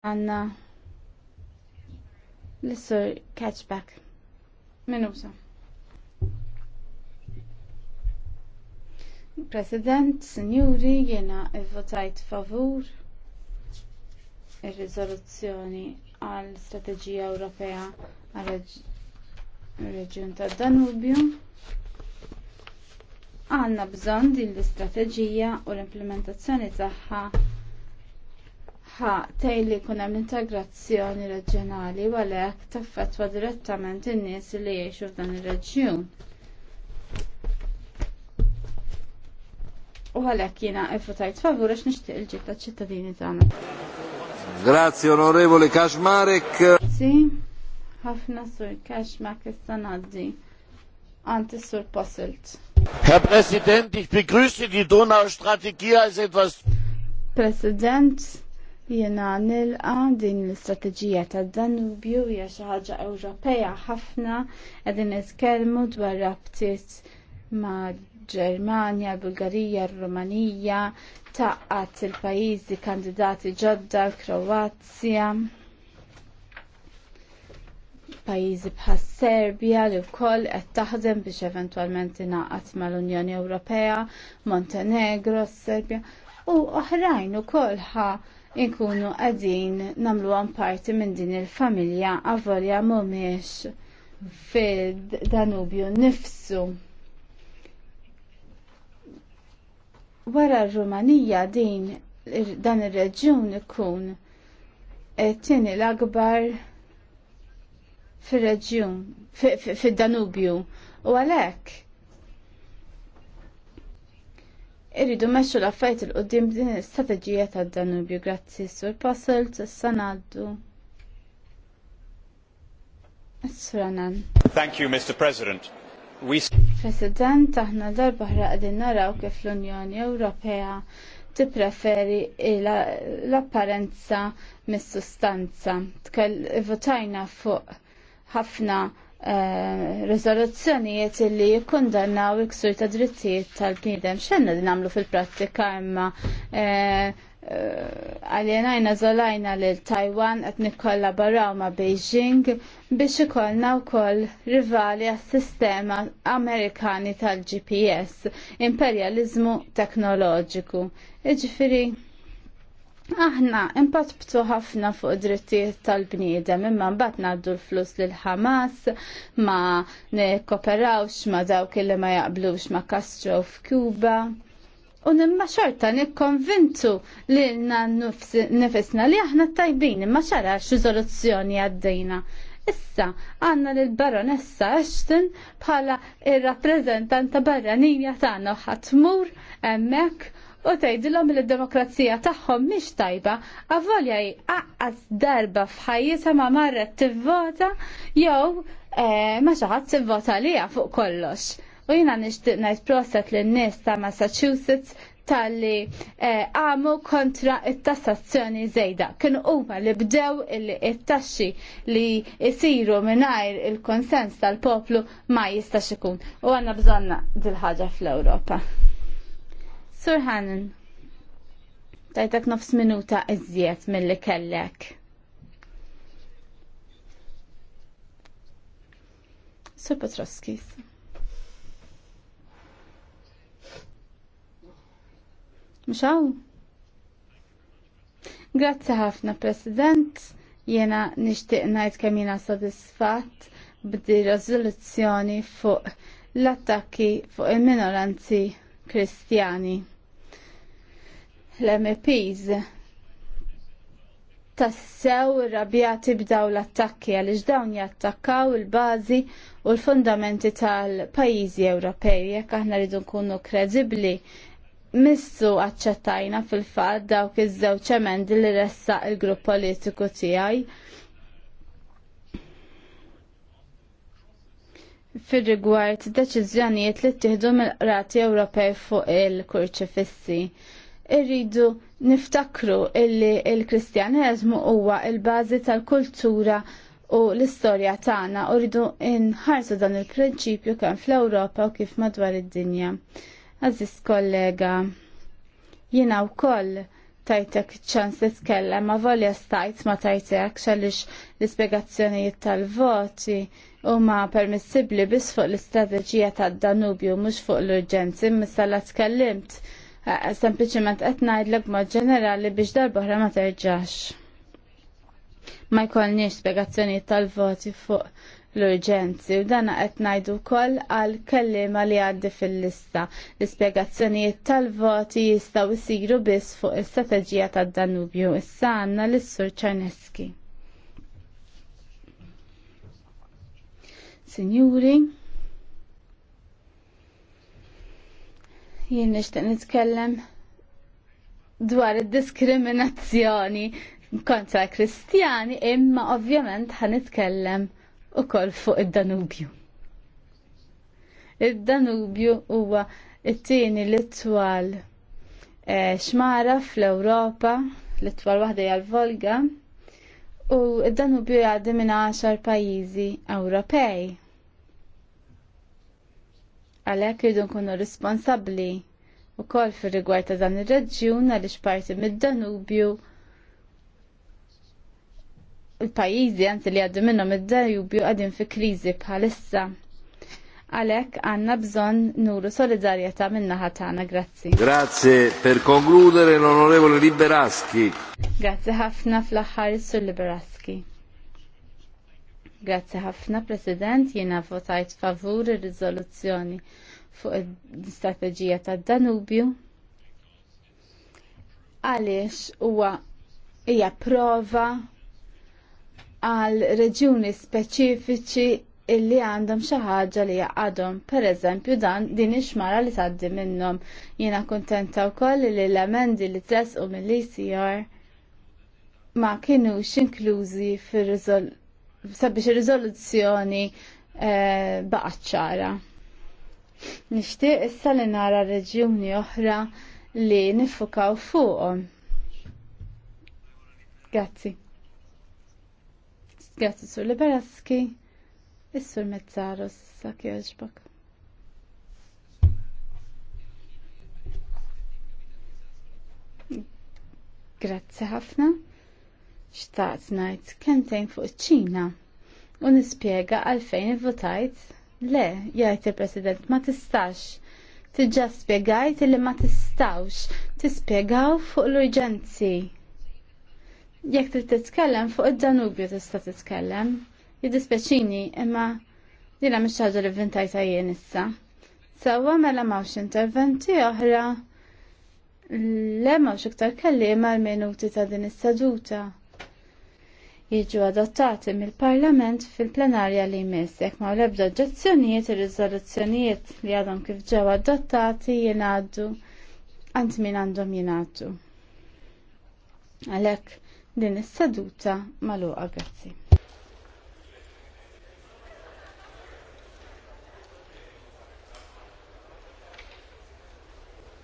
għanna l-sur catchback minusa. President, Signori, jena votajt favur il-rizoluzzjoni għal strategija Ewropea għal reġjun ta' Danubju. Għanna bżon din l-istrateġija u l-implementazzjoni tagħha ħa tej li kunem l-integrazzjoni reġjonali u għalhekk taffetwa direttament in-nies li jgħixu f'dan ir-reġjun. U għalhekk jiena votajt favur għax nixtieq il-ġib taċ-ċittadini tagħna. Grazzi onorevoli Kaxmarek. Si, ħafna sur Kaxmarek issa ngħaddi għanti sur posilt. Herr Präsident, ich begrüße die Donaustrategie als etwas Präsident, Jena nilqa din l-istrateġija ta' Danubju hija xi ħaġa Ewropea ħafna qegħdin nitkellmu dwar rabtiet ma' Ġermanja, Bulgarija, Rumanija, taqqat il-pajjiżi kandidati ġodda, Kroazja pajjiżi bħas Serbja li wkoll qed taħdem biex eventwalment ingħaqad mal-Unjoni Ewropea, Montenegro, s-Serbja, u oħrajn ukoll ħa inkunu għadin namlu għan parti minn din il-familja għavolja mumiex fil-Danubju nifsu. Wara r-Rumanija din dan ir-reġjun ikun t-tini l-akbar fir-reġjun fid-Danubju u għalhekk Irridu meċu l-affajt il-qoddim din l-istrateġija ta' Danubju grazzi sur pasel s-sanaddu. Sranan. Thank you, Mr. President. We... President, taħna darba għadin naraw kif l-Unjoni Ewropea tippreferi l-apparenza mis-sustanza. Votajna fuq ħafna Eh, rizoluzzjonijiet li jikkundannaw iksur ta' drittijiet tal bnidem ċenna li għamlu fil-prattika imma għalienajna eh, eh, zolajna l-Taiwan għet nikollaboraw ma' Beijing biex ikollna u koll rivali għas sistema Amerikani tal-GPS, imperializmu teknoloġiku. Iġifiri, Aħna btu ħafna fuq drittijiet tal-bniedem imma mbagħad ngħaddu l-flus lil Ħamas ma nikkoperawx ma dawk li ma jaqblux ma' Castro f'Kuba. U nimma xorta nikkonvintu li nifisna li aħna tajbin imma xara x soluzzjoni għaddejna. Issa għanna li l-baronessa Ashton bħala il rappreżentanta barranija tagħna ħatmur hemmhekk u tgħidilhom li demokrazija tagħhom mhix tajba, għavolja jqaqqas darba f'ħajjisa ma marret tivvota jew eh, ma xi ħadd tivvota li fuq kollox. U jiena nixtieq ngħid proset lin-nies ta' Massachusetts tal-li eh, għamu kontra it-tassazzjoni zejda. kien huma li bdew il-tasċi li jisiru minnajr il-konsens tal-poplu ma jistax ikun. U għanna bżonna dil-ħagġa fl-Europa. Sur tajtak nofs minuta izziet mill-li kellek. Sur Petroskis. Mxaw? Grazzi ħafna, President. Jena nishtiq najt kamina sodisfat b'di rezoluzzjoni fuq l-attakki fuq il-minoranzi kristjani l-MPs tassew irrabjati b'daw l-attakki għaliex dawn jattakkaw il-bażi u l-fundamenti tal-pajjiżi Ewropej jekk aħna rridu nkunu kredibbli missu aċċettajna fil-fatt dawk iż-żewġ emendi li ressaq il-grupp politiku tiegħi. fir-rigward deċiżjonijiet li ttieħdu mill-Qrati Ewropej fuq il-kurċifissi. fissi irridu niftakru illi il-Kristjaneżmu huwa il-bażi tal-kultura u l-istorja tagħna u rridu nħarsu dan il-prinċipju kemm fl-Ewropa u kif madwar id-dinja. Aziz kollega, jiena wkoll tajtek ċans li tkellem, ma volja stajt ma tajtek xalix l-ispiegazzjonijiet tal-voti u ma permissibli bis fuq l-istrateġija tad-Danubju mhux fuq l-urġenzi, missa la tkellimt sempliċement qed ngħidlek mod ġenerali biex darbohra ma terġax. Ma jkollniex spjegazzjonijiet tal-voti fuq l-urġenzi u dana qed ngħidu wkoll għal kelliema li għaddi fil-lista. L-ispjegazzjonijiet tal-voti jistgħu jsiru biss fuq l-istrateġija tad-Danubju. Issa għandna lis-Sur Ċarneski. Signori, Jien nixtieq nitkellem dwar id-diskriminazzjoni kontra kristjani imma ovvjament ħanitkellem ukoll fuq id-Danubju. Id-Danubju huwa it-tieni l-itwal eh, xmara fl-Ewropa, l-itwal waħda hija l-Volga, u id-Danubju jgħaddi minn 10 pajjiżi Ewropej. Għalhekk irridu nkunu responsabbli wkoll fir-rigward ta' dan ir-reġjun għaliex parti mid-Danubju il-pajizi għanzi li għaddu minnhom id danubju għadin fi krizi bħalissa. Għalek għanna bżon nuru solidarieta minna ħatana, grazzi. Grazie, per konkludere l-onorevole Liberaschi. Grazzi ħafna fl aħħar sul Liberaschi. Grazzi ħafna President, jiena votajt favur ir-riżoluzzjoni fuq l-istrateġija tad Danubju. Għaliex huwa hija prova għal reġjuni speċifiċi illi għandhom xi ħaġa li jaqadhom. Pereżempju dan din ix-xmara li tgħaddi minnhom. Jiena kuntenta wkoll li l-emendi li tresqu mill-ICR ma kienux inklużi fir-riżoluzzjoni sabiex ir-riżoluzzjoni eh, baqgħet ċara. Nixtieq issa li nara reġjuni oħra li nifukaw fuqhom. Grazzi. Grazzi sur Liberaski, is-sur Mezzaros sakjoġbok. Grazzi ħafna xtaqt ngħid kentejn fuq iċ-Ċina u nispjega għalfejn ivvotajt le jgħid il-President ma tistax tiġa spjegajt li ma tistawx tispjegaw fuq l-urġenzi. Jekk trid titkellem fuq id-Danubju tista' titkellem, jiddispjaċini imma jiena mhix ħaġa li vintajta jien issa. Sawa mela m'hawnx interventi oħra le mawx iktar kelli mal-minuti ta' din is-seduta jiġu adottati mill-Parlament fil-plenarja li jmiss. Jekk ma ebda oġġezzjonijiet, ir-riżoluzzjonijiet li għadhom kif ġew adottati jingħaddu għand min għandhom jingħaddu. Għalhekk din is-seduta magħluqa grazzi.